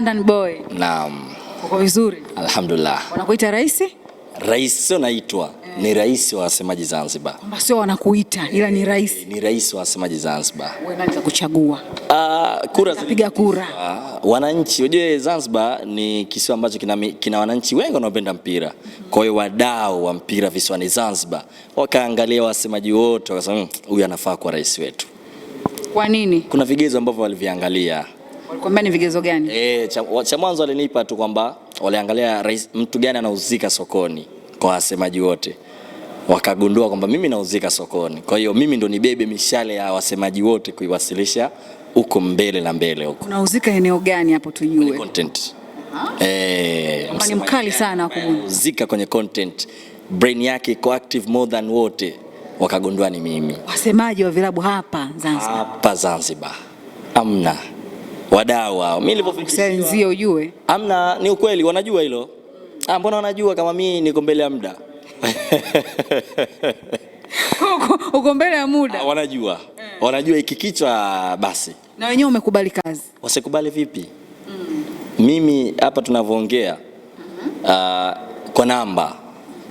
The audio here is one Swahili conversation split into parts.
London boy. Naam. Uko vizuri? Alhamdulillah. Wanakuita rais? Rais sio naitwa, e. Ni rais wa wasemaji Zanzibar. Kwamba sio wanakuita ila ni rais. E, ni rais wa wasemaji Zanzibar. Wewe nani kuchagua? Ah, kura zilipiga kura. Ah, wananchi, unajua Zanzibar ni kisiwa ambacho kina, kina wananchi wengi wanaopenda mpira. Kwa hiyo wadau wa mpira visiwani Zanzibar wakaangalia wasemaji wote wakasema hmm, huyu anafaa kwa rais wetu. Kwa nini? Kuna vigezo ambavyo waliviangalia. Walikwambia ni vigezo gani? Eh, cha cha mwanzo alinipa tu kwamba waliangalia rais, mtu gani anauzika sokoni kwa wasemaji wote wakagundua kwamba mimi nauzika sokoni, kwa hiyo mimi ndo nibebe mishale ya wasemaji wote kuiwasilisha huko mbele na mbele huko. Unauzika eneo gani hapo tujue? Content. Eh, ni mkali sana kugundua. Eh, uzika kwenye content. Brain yake iko active more than wote. Wakagundua ni mimi. Wasemaji wa vilabu hapa Zanzibar. Hapa Zanzibar. Amna wadau wao. Mimi nzio ujue, amna, ni ukweli, wanajua hilo. Ah, mbona wanajua kama mimi niko mbele ya muda uko mbele ya muda, ah, wanajua wanajua ikikichwa basi. Na wenyewe umekubali kazi, wasikubali vipi? mm. Mimi hapa tunavyoongea mm -hmm. uh, kwa namba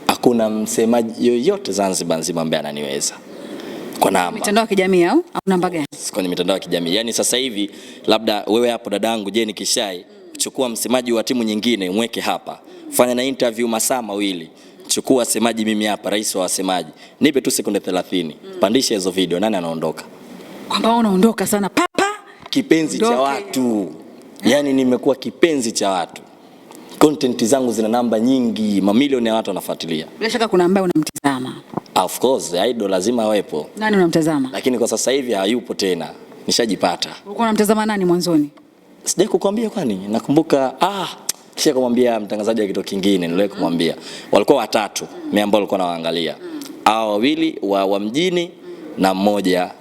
hakuna msemaji yoyote Zanzibar nzima ambaye ananiweza kwa namba mitandao ya kijamii au namba gani? Kwenye mitandao ya kijamii yani, sasa hivi labda wewe hapo dadangu Jeni Kishai, chukua msemaji wa timu nyingine mweke hapa, fanya na interview masaa mawili chukua semaji mimi hapa, rais wa wasemaji, nipe tu sekunde 30, mm. Pandisha hizo video, nani anaondoka? Kwamba unaondoka sana papa, kipenzi cha watu yani, nimekuwa kipenzi cha watu content zangu zina namba nyingi, mamilioni ya watu wanafuatilia. Bila shaka kuna ambaye unamtizama. Of course, idol lazima awepo. Nani unamtazama? Lakini kwa sasa hivi hayupo tena, nishajipata. Ulikuwa unamtazama nani mwanzoni? Sijai kukwambia, kwani nakumbuka ah, kisha kumwambia mtangazaji wa kitu kingine, niliwahi kumwambia walikuwa watatu mimi ambao walikuwa nawaangalia hao wawili wa, wa mjini na mmoja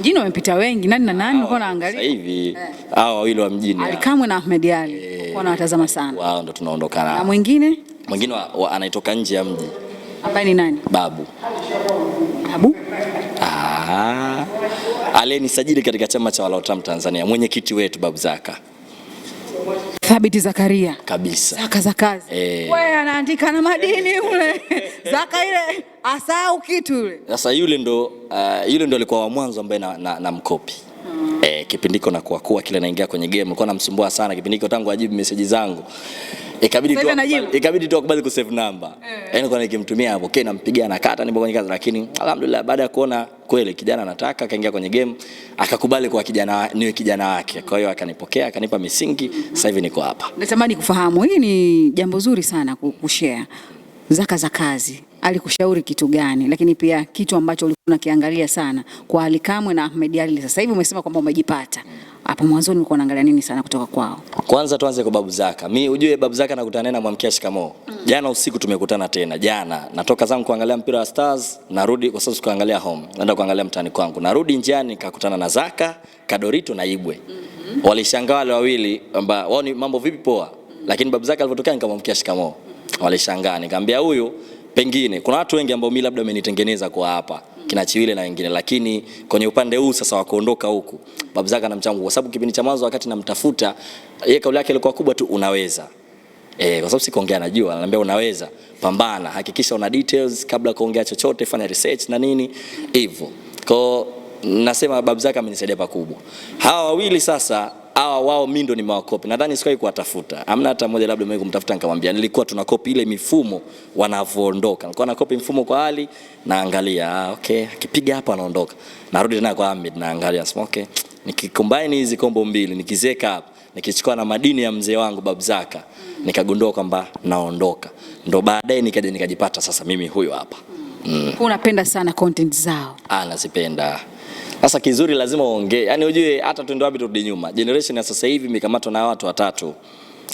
mjini wamepita wengi. Nani na nani Ulikuwa unaangalia sasa hivi? Eh. Hao wawili wa mjini, Alikamwe na Ahmed Ally. Eh, walikuwa wanawatazama sana. Wao ndo tunaondokana. Na mwingine? Mwingine anaitoka nje ya mji. Ambaye ni nani? Babu. Babu? Ah. Aliyenisajili katika chama cha walotam Tanzania, mwenyekiti wetu Babu Zaka. Thabiti Zakaria. Kabisa. Zaka za kazi. Eh. Wewe anaandika na madini ule. Zaka ile asahau kitu ule. Sasa yule ndo uh, yule ndo alikuwa wa mwanzo ambaye na, na, na mkopi. Hmm eh, kipindiko na kuwa kuwa kile naingia kwenye game, nilikuwa namsumbua sana kipindiko tangu ajibu message zangu, ikabidi tu ikabidi tu akubali kusave number eh, yaani nilikuwa nikimtumia hapo, okay, nampigia kata nipo kwenye kazi, lakini alhamdulillah, baada ya kuona kweli kijana anataka, akaingia kwenye game, akakubali kwa kijana niwe kijana wake, kwa hiyo akanipokea, akanipa misingi, sasa hivi niko hapa. Natamani kufahamu, hii ni jambo zuri sana kushare zaka za kazi alikushauri kitu gani, lakini pia kitu ambacho ulikuwa unakiangalia sana kwa alikamwe na Ahmed Ali. sasa hivi umesema kwamba umejipata hapo mwanzoni ulikuwa unaangalia nini sana kutoka kwao? Kwanza tuanze kwa Babu Zaka. Mi ujue Babu Zaka nakutana naye na mwamkia shikamoo mm. Jana usiku tumekutana tena jana, natoka zangu kuangalia mpira wa Stars, narudi kwa sababu sikuangalia home, naenda kuangalia mtani kwangu, narudi njiani nikakutana na Zaka, Kadorito na Ibwe mm -hmm. Walishangaa wale wawili kwamba wao ni mambo vipi poa, mm. lakini Babu Zaka alipotokea nikamwamkia shikamoo walishangaa. Nikamwambia huyu pengine kuna watu wengi ambao mimi labda amenitengeneza kwa hapa kina Chiwile na wengine, lakini kwenye upande huu sasa wa kuondoka huku babu zake na mchango, kwa sababu kipindi cha mwanzo wakati namtafuta yeye kauli yake ilikuwa kubwa tu, unaweza e, kwa sababu sikuongea najua, ananiambia unaweza pambana, hakikisha una details kabla kuongea chochote, fanya research na nini hivyo. Kwa nasema babu zake amenisaidia pakubwa. Hawa wawili sasa hawa wao mimi ndo nimewakopi. Nadhani sikuwahi kuwatafuta, amna hata mmoja labda mimi kumtafuta nikamwambia, nilikuwa tunakopi ile mifumo wanavyoondoka, nilikuwa nakopi mfumo kwa Ali naangalia, ah, okay, akipiga hapa anaondoka, narudi tena kwa Ahmed naangalia, sema okay, nikikombine hizi kombo mbili nikizeka hapa nikichukua na madini ya mzee wangu Babzaka nikagundua kwamba naondoka, ndo baadaye nikaja nikajipata sasa mimi huyu hapa. Mm. Unapenda sana content zao? Ah, nazipenda. Sasa kizuri lazima uongee, yaani ujue hata tuende wapi turudi nyuma. Generation ya sasa hivi imekamatwa na watu watatu,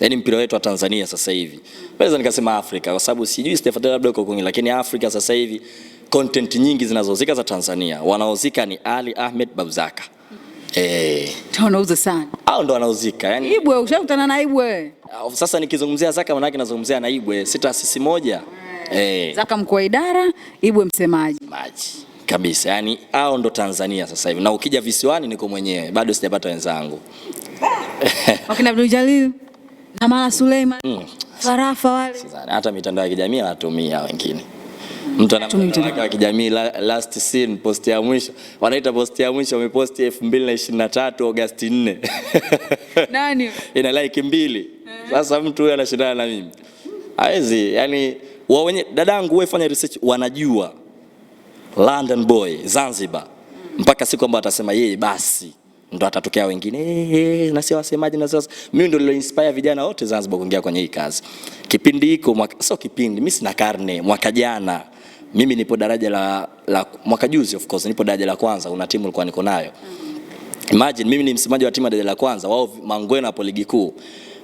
yaani mpira wetu wa Tanzania sasa hivi, naweza nikasema Afrika kwa sababu sijui sitafuatilia labda uko kwingine, lakini Afrika sasa hivi content nyingi zinazozika za Tanzania, wanaozika ni Ali Ahmed Babzaka. Eh, Ndio tunauza sana. Hao ndo wanauzika. Yaani Ibwe ushakutana na Ibwe. Sasa nikizungumzia Zaka maana yake nazungumzia na Ibwe, si taasisi moja. Eh. Zaka mkuu wa idara, Ibwe msemaji. Maji kabisa. Yani hao ndo Tanzania sasa hivi, na ukija visiwani niko mwenyewe, bado sijapata wenzangu wakina Abdul Jalil na Mara Suleiman mm. Farafa wale hata mitandao ya kijamii anatumia wengine mtu ana mtandao wa kijamii last scene post ya mwisho wanaita post ya mwisho wameposti 2023 August 4. Nani? Ina like mbili. Sasa mtu huyo anashindana na mimi. Hawezi, yani wao wenyewe dadangu wewe fanya research wanajua London boy Zanzibar, mpaka siku ambayo atasema yeye basi ndo atatokea wengine, eh, na sio wasemaji. Na sasa mimi ndo nilio inspire vijana wote Zanzibar kuingia kwenye hii kazi. Kipindi iko sio kipindi, mimi sina karne. Mwaka jana mimi nipo daraja la, la mwaka juzi, of course nipo daraja la kwanza, una timu ilikuwa niko nayo. Imagine mimi ni msemaji wa timu ya daraja la kwanza, wao mangwena hapo ligi kuu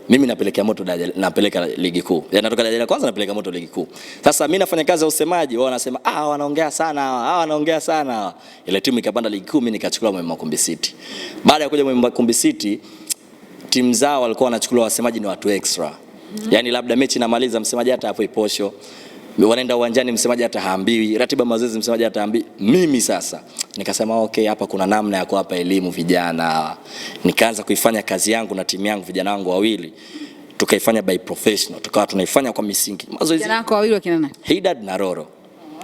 mimi napelekea moto daraja, napeleka ligi kuu, natoka daraja la kwanza napeleka moto ligi kuu. Sasa mimi nafanya kazi ya usemaji, wao wanasema ah, wanaongea sana hawa, ah, wanaongea sana hawa. Ile timu ikapanda ligi kuu, mimi nikachukua Mwembe Makumbi City. Baada ya kuja Mwembe Makumbi City, timu zao walikuwa wanachukua wasemaji ni watu extra, mhm. yaani labda mechi inamaliza msemaji hata hapo iposho wanaenda uwanjani, msemaji hata haambiwi ratiba mazoezi, msemaji hata haambiwi. Mimi sasa nikasema okay, hapa kuna namna ya kuwapa elimu vijana. Nikaanza kuifanya kazi yangu na timu yangu, vijana wangu wawili tukaifanya by professional, tukawa tunaifanya kwa misingi mazoezi. Vijana wako wawili wakina nani? Hidad na Roro.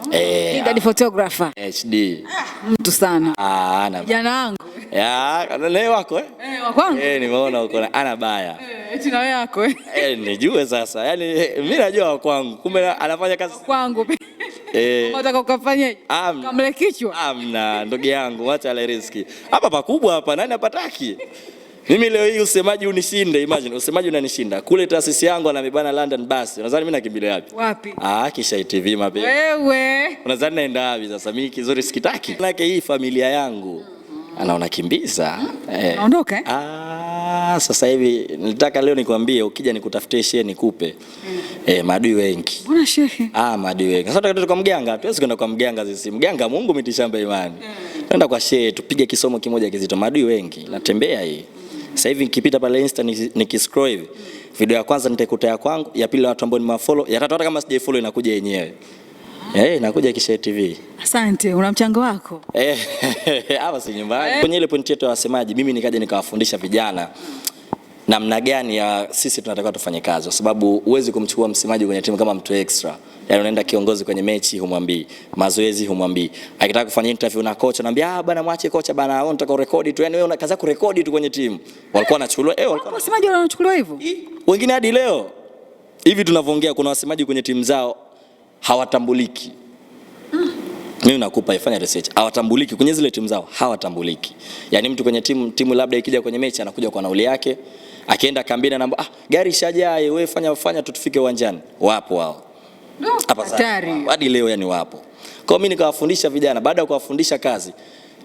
Oh. Eh, Hidad photographer HD. Ah, mtu sana. Ah, ana. Vijana wangu. Ya, leo wako eh? Eh, wako. Eh, nimeona uko na ana baya. Eh jina yako. Eh, nijue sasa. Yaani mimi najua wa kwangu. Kumbe anafanya kazi kwangu. Eh. Unataka ukafanyaje? Kamle kichwa. Amna, ndugu yangu, acha ale riski. Hapa pakubwa hapa nani apataki? Mimi leo hii usemaji unishinde, imagine usemaji unanishinda. Kule taasisi yangu na mibana London basi. Unadhani mimi nakimbia wapi? Wapi? Ah, kisha ITV mapema. Wewe. Unadhani naenda wapi sasa? Mimi kizuri sikitaki. Maana hii familia yangu anaona kimbiza eh. eh? Ah, sasa hivi nilitaka leo nikwambie, ukija nikutafutie shehe nikupe mm. Eh, maadui wengi. Mbona shehe? Ah, maadui wengi. Sasa tutakwenda kwa mganga, tuwezi kwenda kwa mganga sisi. Mganga Mungu mitishamba imani. Mm. Tuenda kwa shehe tupige kisomo kimoja kizito, maadui wengi. Natembea hii. Sasa hivi nikipita pale Insta nikiscroll hivi. Video ya kwanza nitaikuta ya kwangu, ya pili watu ambao ni mafollow, ya tatu hata kama sijafollow inakuja yenyewe. Eh, nakuja Kishare TV. Asante, una mchango wako? Eh, hapa si nyumbani. Eh? Kwenye ile pointi yetu ya wasemaji, mimi nikaja nikawafundisha vijana namna gani ya sisi tunatakiwa tufanye kazi, kwa sababu huwezi kumchukua msemaji kwenye timu kama mtu extra. Yaani unaenda kiongozi kwenye mechi, humwambii mazoezi, humwambii akitaka kufanya interview na kocha, anambia, ah, bana mwache kocha bana, wewe unataka kurekodi tu. Yaani wewe unakaza kurekodi tu kwenye timu. Walikuwa wanachukuliwa eh, walikuwa wasemaji wanachukuliwa hivyo, wengine hadi leo hivi tunavyoongea, kuna wasemaji kwenye timu zao hawatambuliki mm. Mimi nakupa ifanya research, hawatambuliki kwenye zile timu zao, hawatambuliki. Yaani mtu kwenye timu timu labda ikija kwenye mechi anakuja kwa nauli yake, akienda kambini anaambia ah, gari shajaye wewe fanya fanya tutufike uwanjani. Wapo wao hapa no, hadi leo yani wapo. Kwa mimi nikawafundisha vijana, baada ya kuwafundisha kazi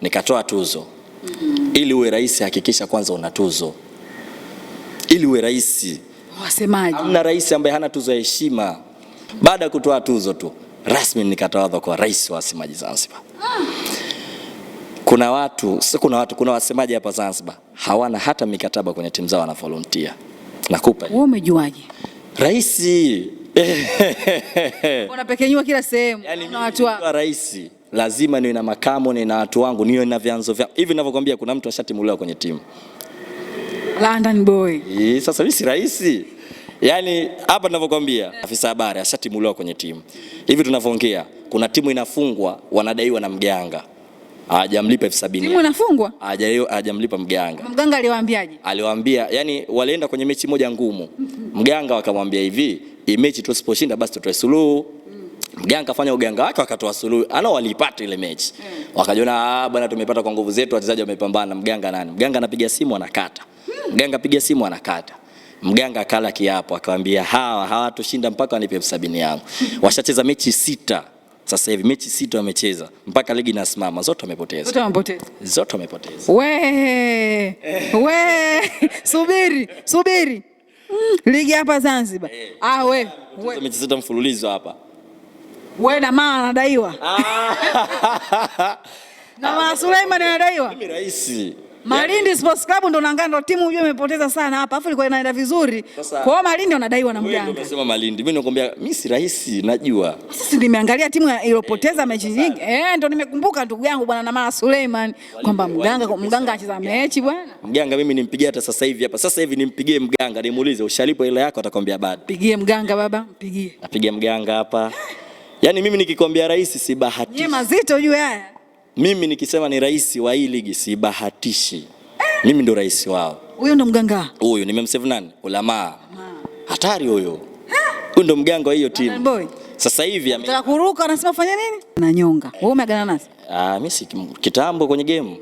nikatoa tuzo mm. ili uwe rais, hakikisha kwanza una tuzo ili uwe rais. Wasemaje? Hamna rais ambaye hana tuzo ya heshima. Baada ya kutoa tuzo tu rasmi nikatawazwa kwa rais wa wasemaji Zanzibar. Kuna watu, si kuna watu, kuna wasemaji hapa Zanzibar hawana hata mikataba kwenye timu zao, wana volunteer. Nakupa. Wewe umejuaje? Rais. Unapekenywa kila sehemu. Yani, na watu wa rais lazima niwe na makamo, ni na watu wangu, niwe na vyanzo vya. Hivi ninavyokuambia kuna mtu ashatimuliwa kwenye timu. London boy. sasa mimi si rais. Yaani hapa tunavyokwambia afisa habari ashatimuliwa kwenye timu. Hivi tunavyoongea kuna timu inafungwa wanadaiwa na mganga. Hajamlipa elfu sabini. Timu inafungwa? Hajamlipa mganga. Mganga aliwaambiaje? Aliwaambia, yani walienda kwenye mechi moja ngumu. Mganga wakamwambia hivi, hii mechi tusiposhinda basi tutoe suluhu. Mganga afanya uganga wake akatoa suluhu. Ana walipata ile mechi. Wakajiona ah, bwana tumepata kwa nguvu zetu, wachezaji wamepambana. Mganga nani? Mganga anapiga simu anakata. Mganga apiga simu anakata. Mganga akala kiapo akamwambia, hawa hawatushinda mpaka wanipe msabini yangu. Washacheza mechi sita sasa hivi mechi sita wamecheza mpaka ligi inasimama, zote wamepoteza, zote wamepoteza, zote wamepoteza. We we, subiri subiri, ligi hapa Zanzibar. Eh. Ah, we we, mechi sita mfululizo hapa. We na mama anadaiwa ah. na mama Suleiman anadaiwa, mimi rais Yaani- Malindi Sports Club ndo nangana ndo timu hiyo imepoteza sana hapa, afu ilikuwa inaenda vizuri. Kwa hiyo Malindi wanadaiwa na mganga. Unasema Malindi, mimi nakwambia mimi si rahisi, najua. Sisi nimeangalia timu iliyopoteza eh, mechi nyingi. Eh, ndo nimekumbuka ndugu yangu bwana Namara Suleiman kwamba mganga mganga acheza mechi bwana. Mganga mimi nimpigie hata sasa hivi hapa. Sasa hivi nimpigie mganga nimuulize ushalipo ile yako, atakwambia bado. Pigie mganga baba, mpigie. Napiga mganga hapa. Yaani mimi nikikwambia rahisi si bahati. Ni mazito juu haya. Mimi nikisema ni rais wa hii ligi sibahatishi, mimi ndo rais wao. Huyo ndo mganga huyo, nimemsave nani? Ulamaa ah. hatari huyo, huyo ndo mganga wa hiyo timu. Sasa hivi anataka kuruka, anasema fanya nini? Nanyonga wewe, umeagana nasi? Ah, mimi si kitambo kwenye game,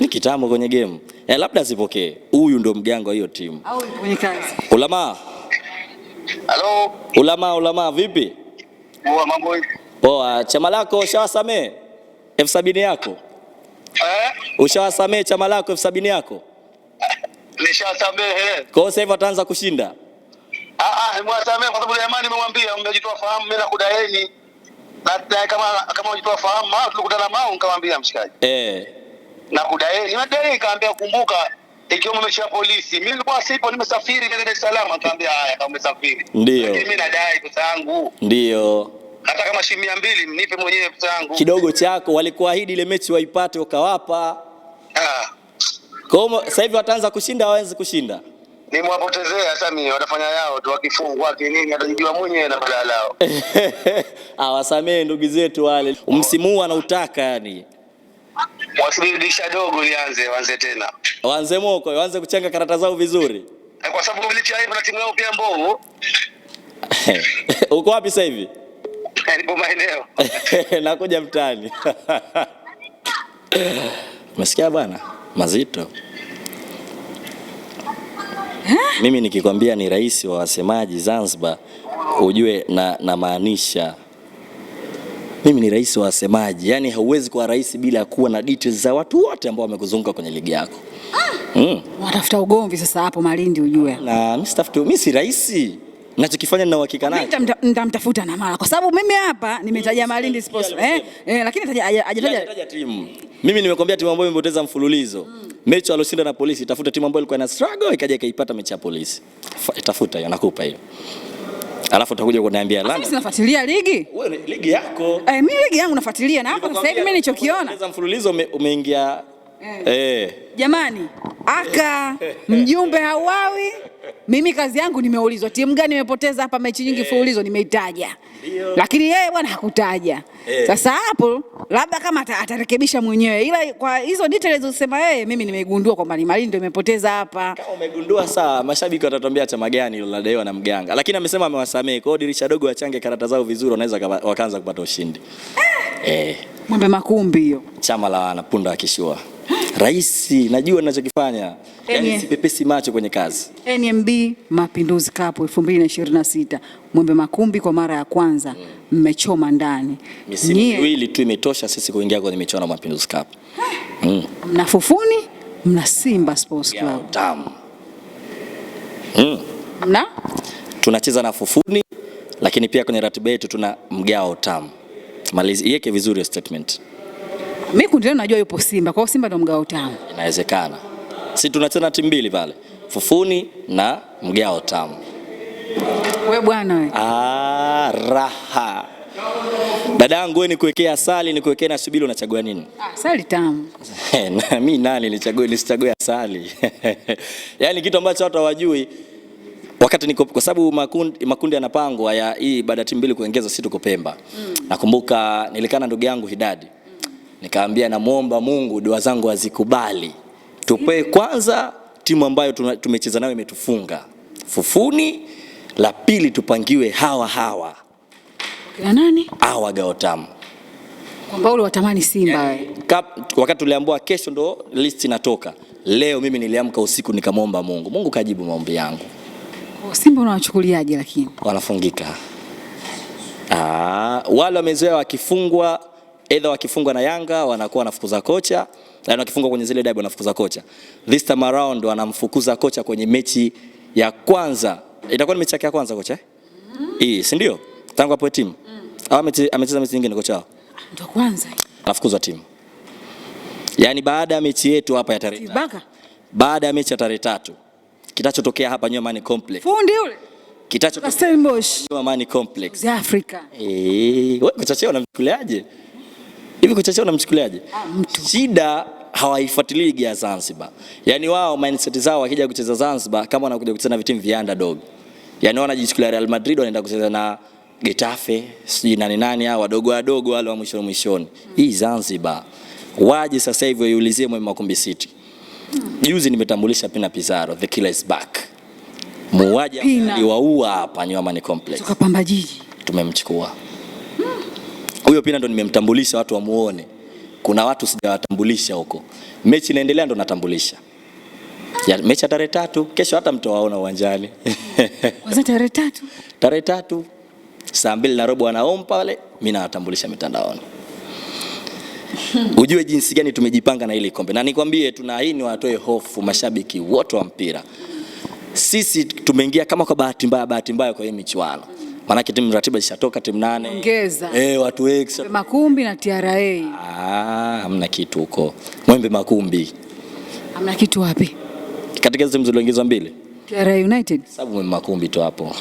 ni kitambo kwenye game eh, yeah, labda asipokee. Huyu ndo mganga wa hiyo timu au yuko kwenye kazi. Ulama. Hello. Ulama, ulama vipi? Poa, mambo vipi? Poa, chama lako shawasamee elfu sabini yako eh? Ushawasamehe chama lako elfu sabini yako? Nishasamehe. Kwa hiyo sasa hivi ataanza kushinda. Ah, ah, mwasamehe kwa sababu Imani nimemwambia mmejitoa fahamu, mimi nakudaeni na kama kama unajitoa fahamu, maana tulikutana mao nikamwambia mshikaji. Eh. Nakudaeni, madai nikamwambia kumbuka ikiwa mmeshi polisi, mimi nilikuwa sipo, nimesafiri kwenda Dar es Salaam. Akaambia haya, kama umesafiri. Ndio. Mimi nadai pesa yangu. Ndio hata kama shilingi mia mbili mnipe mwenyewe mtangu kidogo chako. Walikuahidi ile mechi waipate ukawapa. Ah, kwa sasa hivi wataanza kushinda, waanze kushinda nimwapotezea sasa mimi, watafanya yao tu, wakifungwa wake nini, atajijua mwenyewe na balaa lao awasamee ndugu zetu wale, msimu huu anautaka yani wasidirisha dogo lianze, wanze tena, wanze moko, wanze kuchanga karata zao vizuri, eh, kwa sababu licha ya na timu yao pia mbovu. uko wapi sasa hivi? karibu maeneo nakuja mtaani umesikia bwana, mazito ha? Mimi nikikwambia ni rais wa wasemaji Zanzibar, ujue na namaanisha mimi ni rais wa wasemaji. Yani hauwezi kuwa rais bila kuwa na details za watu wote ambao wamekuzunguka kwenye ligi yako. Mm. Watafuta ugomvi sasa hapo Malindi ujue. Na mimi si rais. Nachokifanya na uhakika naye. Mimi nitamtafuta na mara kwa sababu mimi hapa nimetaja Malindi Sports eh, eh, lakini hajataja timu. Mimi nimekwambia timu ambayo imepoteza mfululizo. Mm. Mechi aloshinda na polisi, tafuta timu ambayo ilikuwa ina struggle ikaja ikaipata mechi ya polisi. Tafuta hiyo nakupa hiyo. Alafu utakuja kuniambia lana. Mimi sinafuatilia ligi. Wewe ligi yako. Eh, mimi ligi yangu nafuatilia na hapo sasa hivi mimi nilichokiona. Mfululizo umeingia eh. Eh. Jamani, aka mjumbe hauawi. Mimi kazi yangu nimeulizwa timu gani imepoteza hapa mechi nyingi eh. mfululizo, nimeitaja lakini yeye bwana hakutaja. Eh. Sasa hapo labda kama atarekebisha mwenyewe, ila kwa hizo details usema yeye, mimi nimegundua kwamba ni Malindi ndio imepoteza hapa. Kama umegundua sawa, mashabiki watatwambia chama gani ile ladaiwa na mganga, lakini amesema amewasamehe. Kwa hiyo dirisha dogo wachange karata zao vizuri, wanaweza wakaanza kupata ushindi. Eh. eh, mwembe makumbi hiyo, chama la wanapunda akishua raisi najua ninachokifanya. Yaani sipepesi macho kwenye kazi. NMB Mapinduzi Cup 2026 Mwembe Makumbi kwa mara ya kwanza mm. mmechoma ndani. Misimu miwili tu imetosha sisi kuingia kwenye michuano ya Mapinduzi Cup. Mm. Fufuni, mna Simba Sports Club. Mm. Na Tunacheza na Fufuni lakini pia kwenye ratiba yetu tuna mgao tamu. Malizi yeke vizuri statement. Mimi kundi leo najua yupo Simba, kwa hiyo Simba ndo mgao tamu. Inawezekana. Sisi tena timu mbili pale. Fufuni na mgao tamu. Wewe bwana wewe. Ah, raha. Dadangu wewe nikuwekea asali, nikuwekea na subiri unachagua nini? Ah, asali tamu. Na mimi nani nilichagua nisichague asali. Yaani kitu ambacho watu hawajui wakati niko kwa sababu makundi, makundi yanapangwa ya hii baada ya timu mbili kuongeza, si tuko Pemba. Mm. Nakumbuka nilikana ndugu yangu Hidadi Nikaambia namwomba Mungu dua zangu azikubali, tupe kwanza timu ambayo tumecheza nayo imetufunga Fufuni, la pili tupangiwe hawa hawa kina nani hawa Gaotam kwamba watamani Simba yeah. wakati tuliambiwa kesho ndo list inatoka leo, mimi niliamka usiku nikamwomba Mungu, Mungu kajibu maombi yangu. Kwa Simba unawachukuliaje? Lakini wanafungika. Ah, wale wamezoea wakifungwa either wakifungwa na Yanga wanakuwa wanafukuza kocha, na yaani wakifungwa kwenye zile derby wanafukuza kocha. This time around wanamfukuza kocha kwenye mechi ya kwanza, itakuwa ni mechi yake ya kwanza kocha eh, mm. si ndio? Tangu hapo timu mm. au amecheza mechi nyingine kocha wao ndio kwanza anafukuzwa timu, yani baada ya mechi yetu hapa ya tarehe baada ya mechi ya tarehe tatu kitachotokea hapa New Amani Complex fundi yule kitachotokea Stellenbosch New Amani Complex Africa. Eh, wewe kocha unamchukuliaje? Hivi kocha unamchukuliaje? Ah, mtu Shida hawaifuatilii ligi ya Zanzibar. Yaani wao mindset zao wakija kucheza Zanzibar kama wanakuja kucheza na vitimu vya underdog. Yaani wanajichukulia Real Madrid wanaenda kucheza na Getafe, sijui nani nani hao wadogo wadogo wale wa mwishoni mwishoni. Hmm. Hii Zanzibar. Waje sasa hivi waiulizie Mwema Makumbi City. Hmm. Juzi nimetambulisha Pina Pizarro, the killer is back. Muuaji aliwaua hapa Nyamani Complex. Tukapamba jiji. Tumemchukua. Huyo pia ndo nimemtambulisha watu wamuone. Kuna watu sijawatambulisha huko. Mechi inaendelea ndo natambulisha. Ya, mechi ya tarehe tatu kesho hata mtawaona uwanjani. Waza tarehe tatu? Tarehe tatu saa mbili na robo wanaom pale, mimi nawatambulisha mitandaoni. Ujue jinsi gani tumejipanga na hili kombe. Na nikwambie tuna hii ni watoe hofu mashabiki wote wa mpira. Sisi tumeingia kama kwa bahati mbaya bahati mbaya kwa hii michuano. Maanake timu ratiba zishatoka timu nane. Ongeza. Eh, watu extra. Mwembe Makumbi na TRA. Ah, hamna kitu huko. Mwembe Makumbi. Hamna kitu wapi? Katika timu zilizoingizwa mbili. TRA United. Sababu Mwembe Makumbi tu hapo.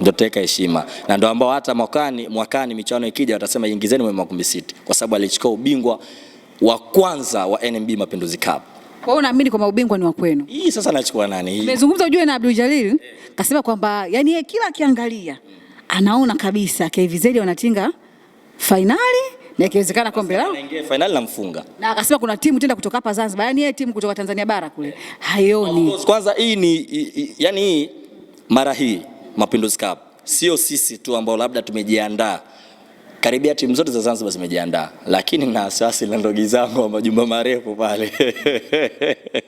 Ndio tutaweka heshima. Na ndio ambao hata mwakani, mwakani michuano ikija watasema ingizeni Mwembe Makumbi City kwa sababu alichukua ubingwa wa kwanza wa NMB Mapinduzi Cup. Kwa hiyo naamini kwamba ubingwa ni wa kwenu. Hii sasa anachukua nani hii? Nimezungumza ujue na Abdul Jalil, eh. kasema kwamba yani kila akiangalia anaona kabisa KVZ wanatinga fainali na ikiwezekana kombe lao anaingia fainali na mfunga, na akasema kuna timu tenda kutoka hapa Zanzibar, yani yeye timu kutoka Tanzania bara kule haioni. Kwanza hii ni yani hii mara hii Mapinduzi Cup sio sisi tu ambao labda tumejiandaa karibia timu zote za Zanzibar zimejiandaa, lakini na wasiwasi na ndogi zangu wa majumba marefu pale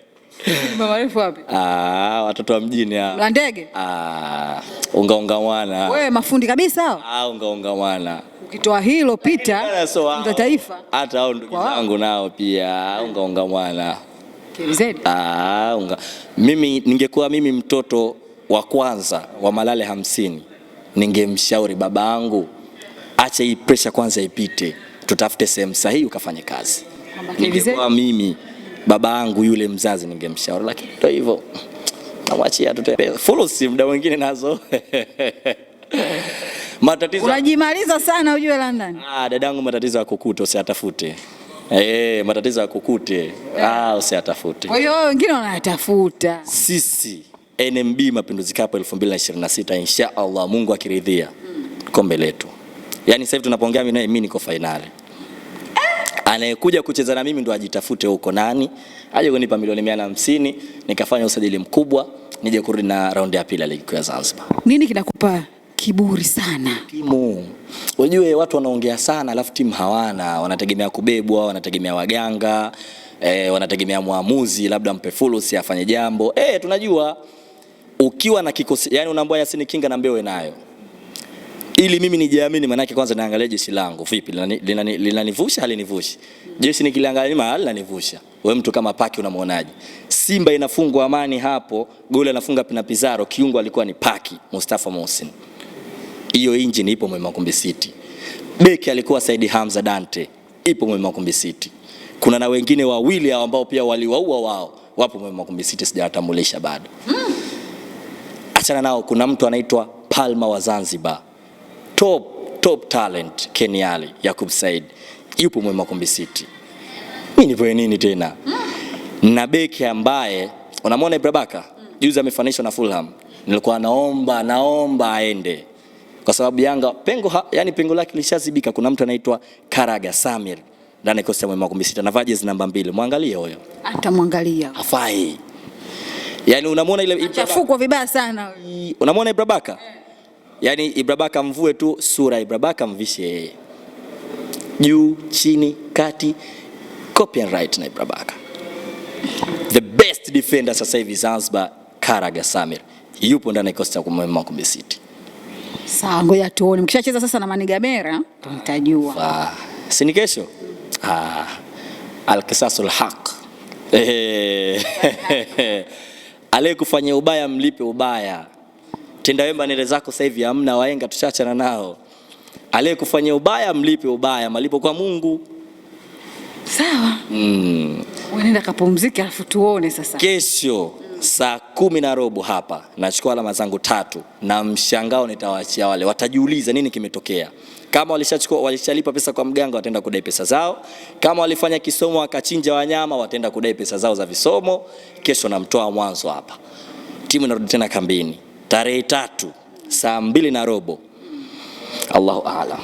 Marefu wapi? Ah, watoto wa mjini hapa. La ndege? Ah, unga unga mwana. Wewe mafundi kabisa hao? Ah, unga unga mwana. Ukitoa hilo pita eh, eh, ndio taifa. Hata hao ndugu zangu nao pia ah, unga unga mwana. Ah, unga. Mimi ningekuwa mimi mtoto wa kwanza wa Malale hamsini ningemshauri babangu acha hii pressure kwanza ipite, tutafute sehemu sahihi ukafanye kazi. Ningekuwa mimi baba yangu yule mzazi ningemshauri, lakini ndio hivyo, namwachia tu fursa muda mwingine nazo matatizo unajimaliza sana ujue London. Ah, dadangu, matatizo ya kukuta usiyatafute. Eh, matatizo ya kukute ah, usiyatafute. Kwa hiyo wengine wanayatafuta. Sisi NMB Mapinduzi Cup 2026 insha Allah, Mungu akiridhia, kombe letu. Yaani sasa hivi tunapongea mimi naye mimi niko finali anayekuja kucheza na mimi ndo ajitafute huko nani aje kunipa milioni mia na hamsini nikafanya usajili mkubwa nije kurudi na raundi ya pili ya ligi kuu ya Zanzibar. Nini kinakupa kiburi sana? Timu. Unajua watu wanaongea sana alafu timu hawana, wanategemea kubebwa, wanategemea waganga, e, wanategemea mwamuzi labda mpe fulusi afanye jambo. Eh, tunajua ukiwa na kikosi, yani unaambia Yasini kinga na mbewe nayo ili mimi nijiamini, maanake kwanza naangalia jeshi langu vipi, linanivusha halinivushi? Jeshi nikiliangalia mimi halinanivusha. Wewe mtu kama Paki unamwonaje? Simba inafungwa Amani hapo, goli anafunga Pina Pizarro, kiungo alikuwa ni Paki Mustafa Mohsin. Hiyo engine ipo Mwema Kumbi City. Beki alikuwa Said Hamza Dante, ipo Mwema Kumbi City. Kuna na wengine wawili hao ambao pia waliwaua wao, wapo Mwema Kumbi City, sijawatambulisha bado. Hmm. Achana nao, kuna mtu anaitwa Palma wa Zanzibar top top talent Ken Ally Yakub Said yupo Mwema Kombi City. Mimi nipoe nini tena? Mm. Na beki ambaye unamwona Ibrabaka mm. juzi amefanishwa na Fulham. Nilikuwa naomba naomba aende kwa sababu Yanga pengo ha, yani pengo lake lishazibika. Kuna mtu anaitwa Karaga Samir ndani kosi ya Mwema Kombi City na vajes namba mbili, mwangalie huyo, Hata atamwangalia afai. Yani unamwona ile, achafukwa vibaya sana, unamwona Ibrabaka? yeah yani Ibrabaka mvue tu sura, Ibrabaka mvishe yeye juu chini kati, copy and na Ibrabaka. The best defender sasa hivi Zanzibar, Karaga Samir yupo ndani ya kikosi cha Makumbi City. Sawa, ngoja tuone mkishacheza sasa na Manigamera mtajua, si ni kesho? Ah, alkisasul haq aliyekufanyia ubaya mlipe ubaya Tenda wema nenda zako sasa hivi, hamna waenga, tushachana nao. Aliyekufanyia ubaya mlipe ubaya, malipo kwa Mungu. Sawa. Mm. Nenda kapumzike, alafu tuone sasa kesho saa kumi na robo hapa nachukua alama zangu tatu, na mshangao nitawaachia wale, watajiuliza nini kimetokea. Kama walishachukua walishalipa pesa kwa mganga, wataenda kudai pesa zao. Kama walifanya kisomo wakachinja wanyama, wataenda kudai pesa zao za visomo. Kesho namtoa mwanzo hapa, timu inarudi tena kambini tarehe tatu saa mbili na robo. Allahu aalam.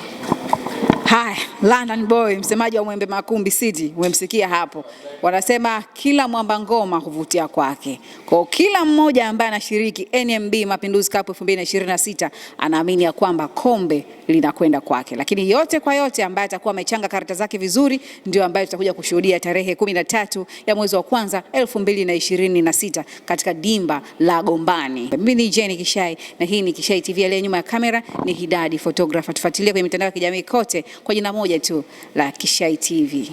Haya, London Boy, msemaji wa Mwembe Makumbi City, umemsikia hapo. Wanasema kila mwamba ngoma huvutia kwake. Kwa kila mmoja ambaye anashiriki NMB Mapinduzi Cup 2026 anaamini ya kwamba kombe linakwenda kwake. Lakini yote kwa yote ambaye atakuwa amechanga karata zake vizuri ndio ambaye tutakuja kushuhudia tarehe 13 ya mwezi wa kwanza 2026 katika dimba la Gombani. Mimi ni Jane Kishai na hii ni Kishai TV. Aliye nyuma ya kamera ni Hidadi photographer. Tufuatilie kwenye mitandao ya kijamii kote kwa jina moja tu la Kishai TV.